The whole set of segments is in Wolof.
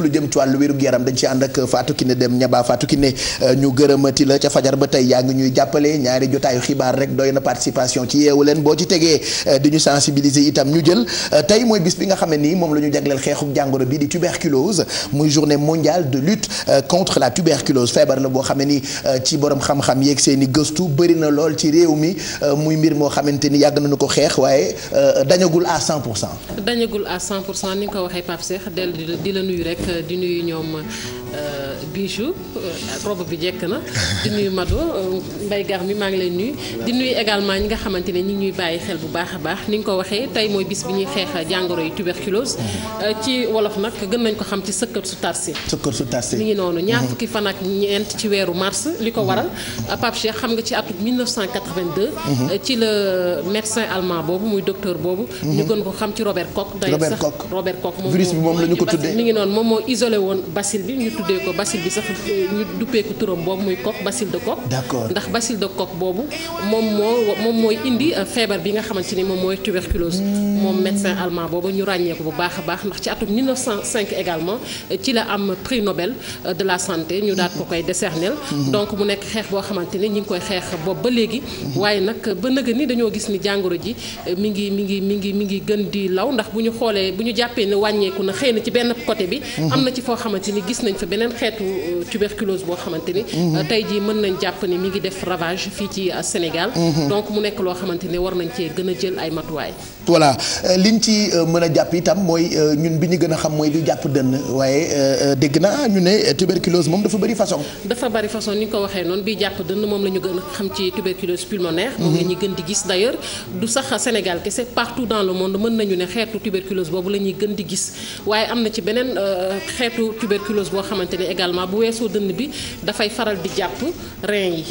lépp lu jëm ci wàllu wérug yaram dañ ci ànd ak Fatou Kiné dem ñabaa Fatou Kiné euh, ñu gërëmati la ca fajar ba tey yaa ngi ñuy jàppale ñaari jotaayu xibaar rek doy na participation ci yeewu leen boo ci tegee euh, di ñu sensibiliser itam ñu jël euh, tey mooy bis bi nga xam ne nii moom la ñu jagleel xeexub jàngoro bi di tuberculose muy journée mondiale de lutte contre la tuberculose feebar la boo xam ne ni ci borom xam-xam yeeg seen i gëstu bëri na lool ci réew mi muy mbir moo xamante ni yàgg nañu ko xeex waaye dañagul à cent. dañagul di nuyu ñoom Euh, bijou euh, robe bi jekk na di nuyu Mado euh, Mbaye gar mi maa ngi lay nuyu di nuyu également ñi nga xamante ne ñi ñuy bàyyi xel bu baax a baax ni nga ko waxee tey mooy bis bi ñuy xeex jàngoro yi tuberculose mm-hmm. ci wolof nag gën nañ ko xam ci sëkkat su tarsi sëkkat su tarsi mi ngi noonu ñaar mm-hmm. fukki fan ak ñeent ci weeru mars li ko waral mm-hmm. Pape Cheikh xam nga ci atum 1982 ci la médecin allemand boobu muy docteur boobu ñu gën ko xam ci Robert Koch day sax Robert Koch moom virus bi moom ko tuddee mi ngi noonu tuddee ko basil bi sax euh, ñu duppee ko turam boobu muy coque basil de coque. d'accord ndax basil de coque boobu moom moo moom mooy indi euh, feebar bi nga xamante ni moom mooy tuberculose. Hmm. moom médecin allemand boobu ñu ràññee bu baax a baax ndax ci atum 1905 également euh, ci la am prix Nobel de la santé ñu daat ko koy décerner. Hmm. donc mu nekk xeex boo xamante ni ñu ngi koy xeex boobu ba léegi. Hmm. waaye nag ba nëgë ni dañoo gis ni jàngoro ji mi ngi mi ngi mi ngi mi ngi gën di law ndax bu ñu xoolee bu ñu jàppee ne wàññeeku xëy na ci benn côté bi. beneen xeetu euh, tuberculose boo xamante ni. Mhm. tey jii mën nañ jàpp ni mi ngi def ravage fii ci euh, Sénégal. Mhm. donc mu nekk loo xamante ni war nañ cee gën a jël ay matuwaay. voilà euh, liñ ci euh, mën a jàpp itam mooy euh, ñun bi ñu gën a xam mooy li jàpp dënn waaye dégg naa ñu ne tuberculose moom dafa bëri façon. dafa bari façon ni ñu ko waxee noonu bi jàpp dënn moom la ñu gën a xam ci tuberculose pulmonaire. Mhm. moom la ñuy gën di gis d'ailleurs du sax Sénégal kese partout dans le monde mën nañu ne xeetu tuberculose boobu la ñuy gën di gis waaye am na ci beneen xeetu tuberculose boo xamante ne également bu weesoo dënn bi dafay faral di jàpp rein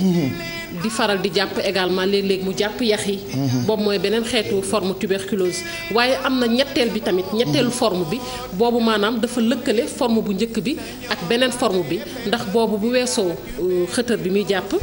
di faral di jàpp également léeg-léeg mu jàpp yax yi mhm. boobu mooy beneen xeetu forme tuberculose waaye am na ñetteel bi tamit ñetteelu mhm. forme bi boobu maanaam dafa lëkkale form bu njëkk bi ak beneen forme bi ndax boobu bu weesoo euh, xëtër bi muy jàpp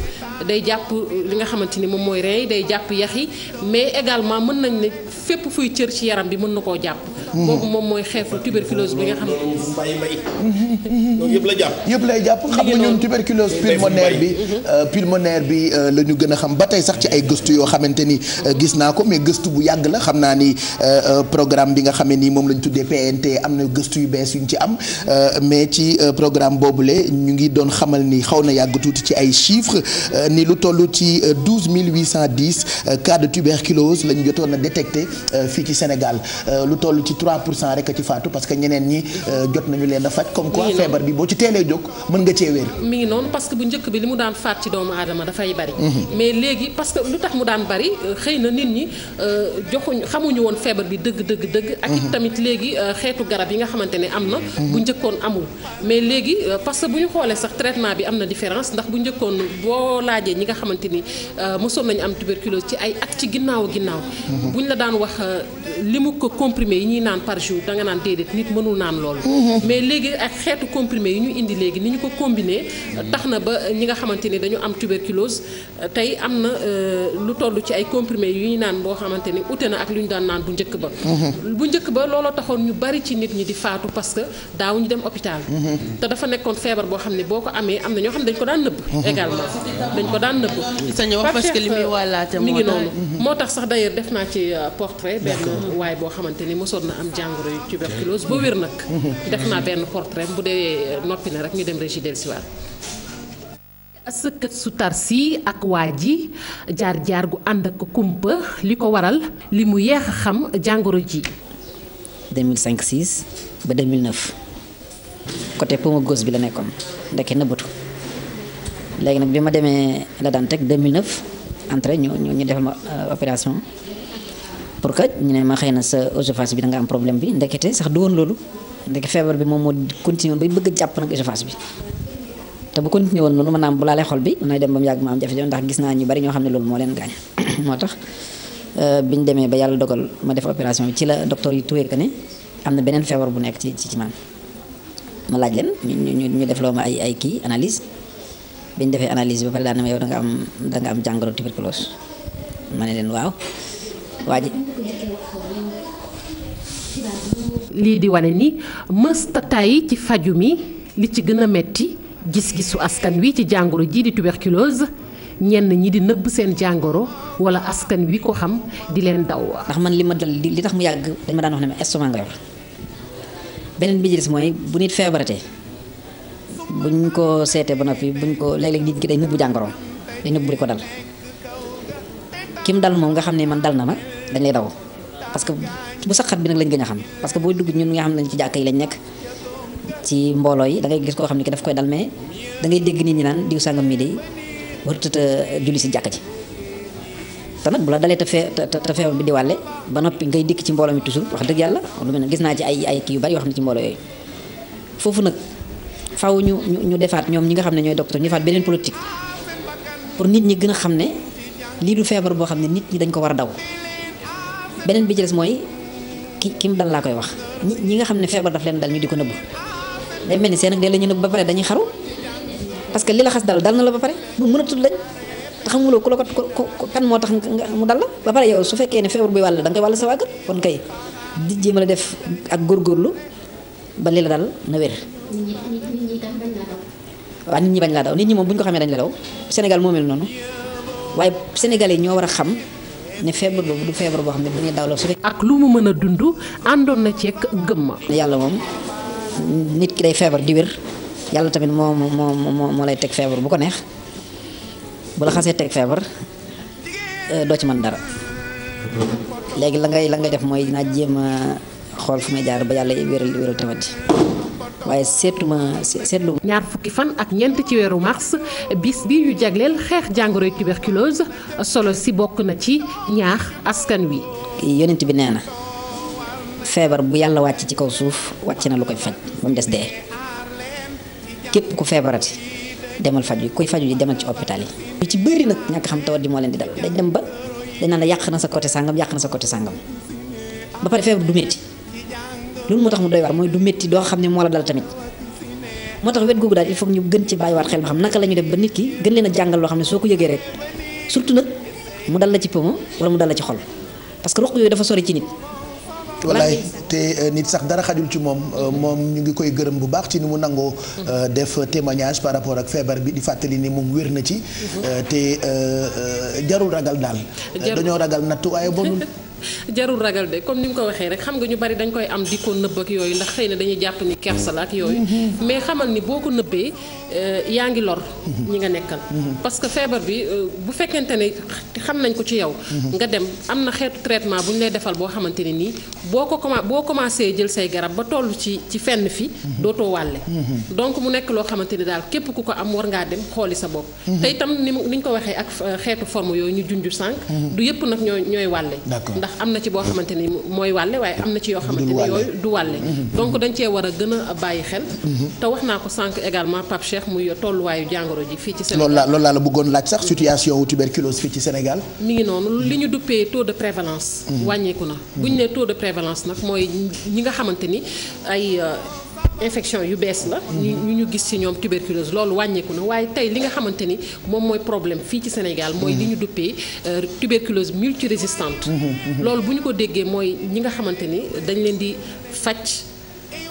day jàpp euh, li nga xamante ni moom mooy rey day jàpp yax yi mais également mën nañ ne fépp fuy cër ci yaram bi mën na koo jàpp boobu moom mooy xeetu tuberculose bi nga xam ne. Mm-hmm. loolu yëpp la jàpp. yëpp lay jàpp xam nga ñun tuberculose pulmonaire bi mm-hmm. euh, pulmonaire euh, la ñu gën a xam ba tey sax ci ay gëstu yoo xamante ni euh, gis naa ko mais gëstu bu yàgg la xam naa ni programme bi nga xamee nii moom lañ tuddee PNT am na gëstu yu bees yu yuñ ci am mais ci programme boobule ñu ngi doon xamal ni xaw na yàgg tuuti ci ay chiffres ni lu toll ci douze mille huit cent dix cas de tuberculose lañ jotoon a détecté fii ci Sénégal lu toll ci. 3 pour cent rek a ci faatu parce que ñeneen ñi euh, jot nañu leen faj. comme quoi feebar bi boo ci teelee jóg mën nga cee wér. mi ngi noonu parce que bu njëkk bi li mu daan faat ci doomu aadama dafay bari. Mhm. mais léegi parce lu tax mu daan bari euh, xëy na nit ñi euh, joxuñu xamuñu woon feebar bi dëgg dëgg dëgg. ak it mhm. tamit léegi xeetu garab yi nga xamante ne am na. Mhm. bu njëkkoon amul mais léegi parce que bu ñu xoolee sax traitement bi am na différence ndax bu njëkkoon boo laajee ñi nga xamante ni mosoon nañu am tuberculose ci ay at ci ginnaaw ginnaaw. naan par jour danga naan déedéet nit mënul naan loolu. Mhm. mais léegi ak xeetu comprimé yi ñu indi léegi ni ñu ko combiné. tax na ba ñi nga xamante dañu am tuberculose tey am na euh, lu toll ci ay comprimé yu ñu naan boo xamante ute na ak lu ñu daan naan bu njëkk ba. Mhm. bu njëkk ba looloo taxoon ñu bari ci nit ñi di faatu parce que daawuñu dem hôpital. Mhm. te dafa nekkoon feebar boo xam ne boo ko amee am na ñoo xam ne dañ ko daan nëbb. également dañ ko daan nëbb. sañ wax parce am jàngoro yu tuberculose ba wér nag. def naa benn portrait bu dee noppi na rek ñu dem régie del siwaat sëkkat su tar si ak waa ji jaar-jaar gu ànd ak kumpa li ko waral li mu yeex xam jàngoro ji. 2005 6 ba 2009 côté pomo gauche bi la nekkoon ndeke nëbbatu léegi nag bi ma demee la daan teg 2009 entrée ñu ñu ñu defal ma euh, opération. pour que ñu ne ma xëy na sa œsophage bi da nga am problème bi ndekete sax du woon loolu ndeke feebar bi moom moo continué woon bay bëgg a jàpp nag œsophage bi te bu continué woon noonu naa am bu laalee xol bi mën naa dem ba mu yàgg ma am jafe-jafe ndax gis naa ñu ne euh, demee ba yàlla dogal ma def opération bi ci la docteur yi tuwee que ne am na beneen feebar bu nekk ci ci man ma laaj leen ñu ñu def loo ma ay ay kii analyse biñ defee analyse ba pare daan na ma yow da am da am jàngoro tuberculose ma ne leen waaw waa ji lii di wane ni mësta tay ci faju mi li ci gën a metti gis-gisu askan wi ci jàngoro jii di tuberculose ñenn ñi di nëbb seen jàngoro walla askan wi ko xam di leen daw. ndax man li ma dal li tax mu yàgg dañ ma daan wax ne ma estomac nga yor beneen bi des mooy bu nit feebaratee buñ ko seetee ba noppi buñ ko léeg-léeg nit ki day nëbbu jàngoro day nëbbu li ko dal kim dal moom nga xam ne man dal na ma. dañ lay daw parce que bu saxaat bi nag lañ gën a xam parce que booy dugg ñun nga xam ne ci jàkka yi lañ nekk ci mbooloo yi da gis koo xam ne ki daf koy dal mais dégg nit ñi naan diw sàngam mii day warutata julli si jàkka ji te nag bu la dalee te fee te bi di ba noppi ngay dikk ci mbooloo mi toujours wax dëgg lu mel ne gis naa ci ay ay kii yu bari yoo xam foofu nag faaw ñu ñu defaat ñoom ñi nga xam ne ñooy docteur ñu defaat beneen politique pour nit ñi gën a xam ne lii du feebar boo xam ne nit ñi dañ ko war a daw beneen bi ci mooy ki ki mu dal laa koy wax ñi ñi nga xam ne feebar daf leen dal ñu di ko nëbbu day mel ni seen ak dee la ñu nëbbu ba pare dañuy xaru parce que li la xas dal dal na la ba pare bu mënatul lañ xamuloo ku la ko ko kan moo tax mu dal ba pare yow su fekkee ne feebar buy wàll da nga koy wàll sa waa kon kay di jéem a def ak góorlu ba li la dal na wér. waaw nit ñi bañ laa daw nit ñi moom bu ñu ko xamee dañ la daw Sénégal moo mel noonu waaye sénégalais ñoo war a xam. ne feebar boobu du feebar boo xam ne bu ñu dawloo su dee. ak lu mu mën a dund àndoon na ci ak yàlla moom nit ki day feebar di wér yàlla tamit moo moo moo moo lay teg feebar bu ko neex bu la xasee teg feebar euh, doo ci mën dara léegi la ngay la ngay def mooy naa jéem a xool fu may jaar ba yàlla wéral wéral tamit. waaye seetuma seetlu. ñaar fukki fan ak ñent ci weeru mars bis bi ñu jagleel xeex jàngoroy tuberculose solo si bokk na ci ñaax askan wi. yonent bi nee na feebar bu yàlla wàcc ci kaw suuf wàcc na lu koy faj ba mu des dee képp ku feebarati demal faju kuy faju ji demal ci hôpital yi. yu ci bëri nag ñàkk xam tawat ji moo leen di dal dañ dem ba dañ naan la yàq na sa côté sàngam yàq na sa côté sàngam ba pare feebar du metti loolu moo tax mu doy waar mooy du métti doo xam ne moo la dal tamit moo tax wet googu daal il faut ñu gën ci bàyyiwaat xel ba xam naka la def ba nit ki gën leen a jàngal loo xam ne soo ko yëgee rek surtout nag mu dal la ci pomo wala mu dal la ci xol parce que roq yooyu dafa sori ci nit. wallaay te euh, nit sax dara xajul ci moom euh, moom ñu ngi koy gërëm bu baax ci ni mu nangoo mm. euh, def témoignage par rapport ak feebar bi di fàttali ni moom wér na ci mm-hmm. te jarul ragal daal jarul ragal de comme ni mu ko waxee rek xam nga ñu bari dañ koy am di ko nëbb ak yooyu ndax xëy na dañuy jàpp ni kersa la ak yooyu. Mm-hmm. mais xamal ni boo ko nëbbee euh, yaa ngi lor. Mm-hmm. ñi nga nekkal. Mm-hmm. parce que feebar bi euh, bu fekkente ne xam nañ ko ci yow. nga dem am na xeetu traitement bu ñu lay defal boo xamante ne nii boo ko commencé boo commencé jël say garab ba toll ci ci fenn fi. dootoo wàlle. donc mu nekk loo xamante ni daal képp ku ko am war ngaa dem xooli sa bopp. te itam ni mu ni ko waxee ak euh, xeetu forme yooyu ñu junj sànq. du yëpp nag ñooy ñooy wàlle. ndax am na ci boo xamante ni mooy wàlle waaye am na ci yoo xamante ni yooyu du wàlle mm-hmm. Mm-hmm. donc dañ cee war a gën a bàyyi xel mm-hmm. te wax naa ko sànq également Pape Cheikh muy tolluwaayu jàngoro ji fii ci Sénégal lool laa loolu la bëggoon laaj sax situation wu tuberculose fii ci Sénégal mi ngi noonu li ñu duppee taux de prévalence wàññeeku na bu ñu nee taux de prévalence nag mooy ñi nga xamante ni ay euh, infection yu bees la. ñu ñu gis ci ñoom tuberculose loolu wàññeeku na waaye tey li nga xamante ni moom mooy problème fii ci Sénégal. mooy li ñu duppee euh, tuberculose multirésistante. Mm-hmm, mm-hmm. loolu bu ñu ko déggee mooy ñi nga xamante ni dañ leen di faj.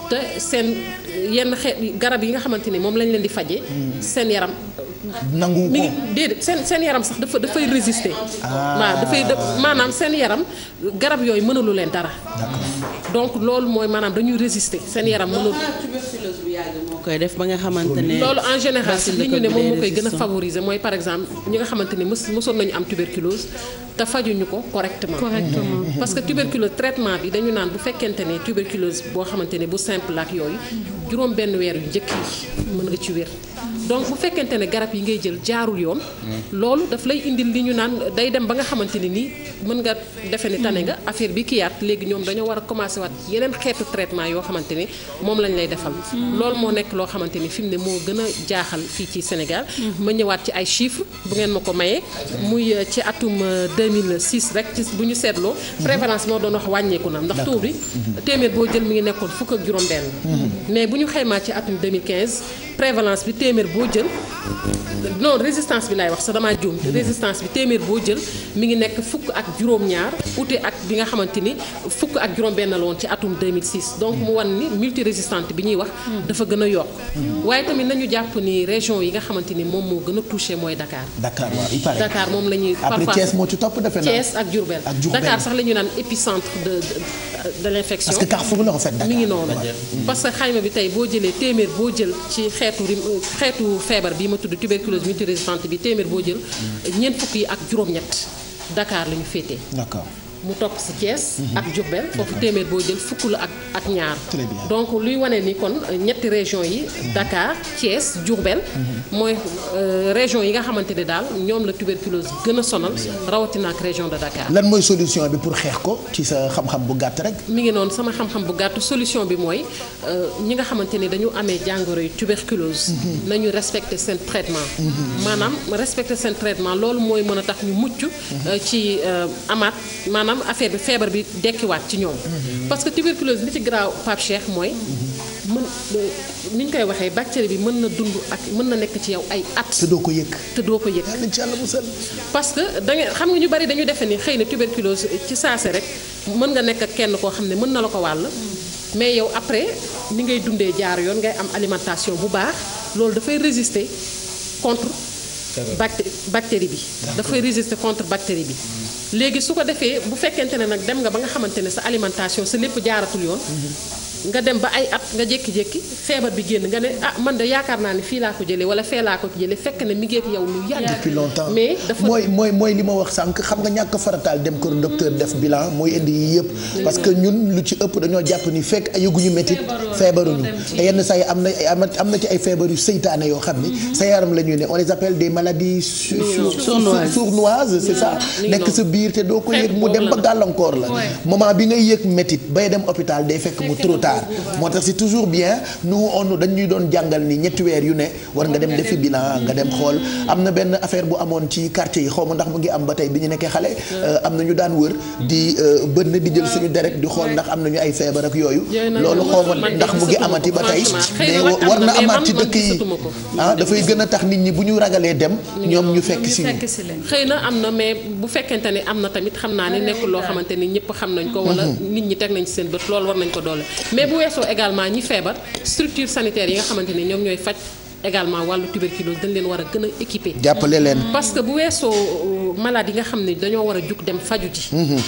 te seen euh, yenn xeet garab yi nga xamante ni moom lañ leen di faje mm-hmm. seen yaram nangu ko mi ngi seen seen yaram sax dafa dafay résister ah. waaw dafay maanaam seen yaram garab yooyu mënalu leen dara donc loolu mooy maanaam dañuy résister seen yaram mënul moo koy def ba nga xamante ne loolu en général li ñu ne moom moo koy gën a favoriser mooy par exemple ñi nga xamante ne mës mësoon nañu am tuberculose te fajuñu ko correctement. correctement mm-hmm. parce que tuberculose traitement bi dañu naan bu fekkente ne tuberculose boo xamante ne bu simple ak yooyu juróom benn weer yu njëkk yi mën nga ci wér. donc bu fekkente ne garab yi ngay jël jaarul yoon. loolu daf lay indil li ñu naan day dem ba nga xamante ni nii mën nga defe ne tane nga affaire bi kiyaat léegi ñoom dañoo war a commencé waat yeneen xeetu traitement yoo xamante ni moom lañ lay defal. loolu moo nekk loo xamante ni fi mu ne moo gën a jaaxal fii ci Sénégal. ma ñëwaat ci ay chiffres bu ngeen ma ko mayee muy euh, ci atum 2006 euh, rek bu ñu seetloo. prévalence moo doon wax wàññeeku na ndax taux bi téeméer boo jël mi ngi nekkoon fukk ak juróom-benn. Mmh. prévalence bi téeméer boo jël non résistance bi laay wax sax damaa juum résistance bi téeméer boo jël mi ngi nekk fukk ak juróom-ñaar ute ak bi nga xamante ni fukk ak juróom-benn la woon ci atum 2006 donc mu wan ni multi résistante bi ñuy wax dafa gën a yokk waaye tamit nañu jàpp ni région yi nga xamante ni moom moo gën a touché mooy Dakar Dakar waaw il moom la ñuy après Thiès ci topp defe naa Thiès ak Diourbel Dakar sax la ñu naan épicentre de de l'infection parce que Carrefour la en fait Dakar mi ngi noonu parce que bi tey boo jëlee téeméer boo jël ci xeetu xeetu bi de tuberculose multirésistante bi téeméer boo jël. ñeent fukk yi ak juróom-ñett Dakar la ñu féetee. mu topp si Thiès. Mhm. ak Diourbel foofu téeméer boo jël fukk la ak ak ñaar. donc luy wane ni kon euh, ñetti région yi. Mhm. Dakar Thiès Diourbel. Mhm. mooy euh, région yi nga xamante ne daal ñoom la tuberculose gën a sonal rawatina ak région de Dakar. lan mooy solution bi pour xeex ko ci sa xam-xam bu gàtt rek. mi ngi noonu sama xam-xam bu gàtt solution bi mooy euh, ñi nga xamante ni dañu amee jàngoro yu tuberculose. nañu respecter seen traitement. maanaam respecter seen traitement loolu mooy mën a tax ñu mucc. ci amaat am affaire bi feebar bi dekkiwaat ci ñoom. Mhm. parce que tuberculose li ci garaaw Pape Cheikh mooy. Mhm. mën ni ñu koy waxee bactérie bi mën na dund ak mën na nekk ci yow ay at. te doo ko yëg te doo ko yëg. parce que da xam nga ñu bari dañu defe ni xëy na tuberculose ci saase rek mën nga nekk ak kenn koo xam ne mën na la ko wàll. Mhm. mais yow après ni ngay dundee jaar yoon ngay am alimentation bu baax loolu dafay résister contre. bactérie bi dafay résister contre bactérie bi. léegi su ko defee bu fekkente ne nag dem nga ba nga xamante ne sa alimentation sa lépp jaaratul yoon nga dem ba ay at nga jékki-jékki feebar bi génn nga ne ah man de yaakaar naa ne fii laa ko jëlee wala fee laa ko jëlee fekk na mi ngi ak yow lu yàgg. depuis longtemps mais dafa mooy mooy li ma wax sànq xam nga ñàkk farataal dem kër docteur def bilan mooy indi yi yëpp. parce que ñun lu ci ëpp dañoo jàpp ni fekk yëguñu métit feebaruñu te yenn sax yi am na am na ci ay feebar yu seytaane yoo xam ne mhm. sa yaram la ñuy ne on les appelle des maladies sournoises c'est ça nekk sa biir te doo ko mu dem ba gàllankoor la moment bi ngay yëg métit bay dem hôpital day fekk mu trop tard retard moo tax c'est toujours bien nu on dañuy doon jàngal nii ñetti weer yu ne war nga dem defi bilan nga dem xool am na benn affaire bu amoon ci quartier yi xaw ma ndax mu ngi am ba tey bi ñu nekkee xale euh, am na ñu daan wër di euh, bënn di jël suñu deret di xool ndax am nañu ay feebar ak yooyu loolu xaw ma ndax mu ngi amati ba tey war na amaat ci dëkk yi ah dafay gën a tax nit ñi bu ñu ragalee dem ñoom ñu fekk si ñu xëy na am na mais bu fekkente ne am na tamit xam naa ni nekkul loo xamante ni ñëpp xam nañ ko wala mhm. nit ñi teg nañ seen bët loolu war nañ ko doole mais bu weesoo également ñi feebar structure sanitaire yi nga xamante ne ñoom ñooy faj également wàllu tuberculose dañ leen war a gën a équiper. jàppale leen. parce que bu weesoo euh, malade yi nga xam ne dañoo war a jug dem faju ji. Mm-hmm.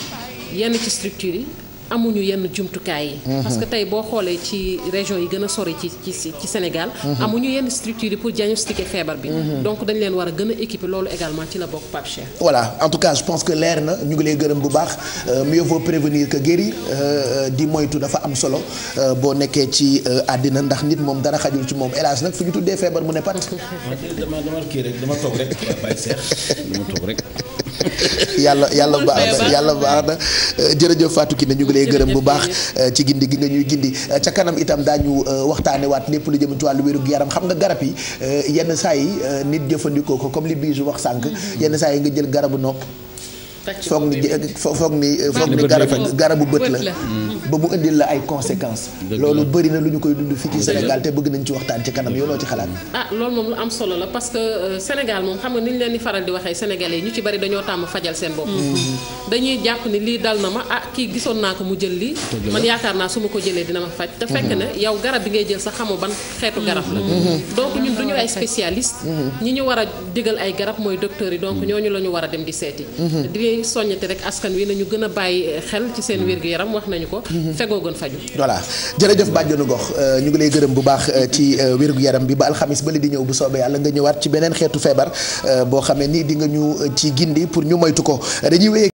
yenn ci structure yi amuñu yenn jumtukaay yi. Mhm. parce que tey boo xoolee ci région yi gën a sori ci ci ci Sénégal. Mhm. amuñu yenn structure yi pour diagnostiquer feebar bi. Mhm. donc dañ leen war a gën a équiper loolu également ci la bokk Pape Cheikh. voilà en tout cas je pense que leer na ñu ngi lay gërëm bu baax euh, mieux vaut prévenir que guérir euh, euh, di moytu dafa am solo boo nekkee ci àddina ndax nit moom dara xajul ci moom hélas nag fu ñu tuddee feebar mu ne pat. dama dama kii rek dama yàlla yàlla baax na yàlla baax na euh, jërëjëf Fatou ki ñu ngi lay gërëm bu baax euh, ci gindi gi nga ñuy gindi euh, ca kanam itam daañu waxtaane waat lépp lu jëm ci wàllu wéru yaram xam nga garab yi yenn saa yi nit jëfandikoo ko comme li biisu wax sànq mm-hmm. yenn saa yi nga jël garabu nopp foog ni foog ni foog ni garabu garabu bët la mm. ba mu indil la ay conséquences loolu bëri na lu ñu koy dund fii ci Sénégal te bëgg nañ ci waxtaan ci kanam yow loo ci xalaat ah loolu moom lu am solo la parce que euh, Sénégal moom xam nga ni ñu leen di faral di waxee sénégalais ñu ci bari dañoo tàmm fajal seen bopp mm-hmm. dañuy jàpp ni lii dal na ma ah kii gisoon naa ko mu jël lii man yaakaar naa su ma ko jëlee dina ma faj te fekk mm-hmm. na yow garab bi ngay jël sax xamoo ban xeetu garab la mm-hmm. donc ñun duñu ay spécialiste ñi ñu war a digal ay garab mooy docteurs yi donc ñooñu la ñu war a dem di seeti koy soññati rek askan wi nañu gën bàyyi xel ci seen wér gu yaram wax nañu ko. Mhm. fegoo gën faju voilà jërëjëf bàjjenu gox euh, ñu ngi lay gërëm bu baax euh, ci euh, wér gu yaram bi ba alxamis ba li di ñëw bu soobee yàlla nga ñëwaat ci beneen xeetu feebar boo xamee ni di nga ñu ci gindi pour ñu moytu ko dañuy wéy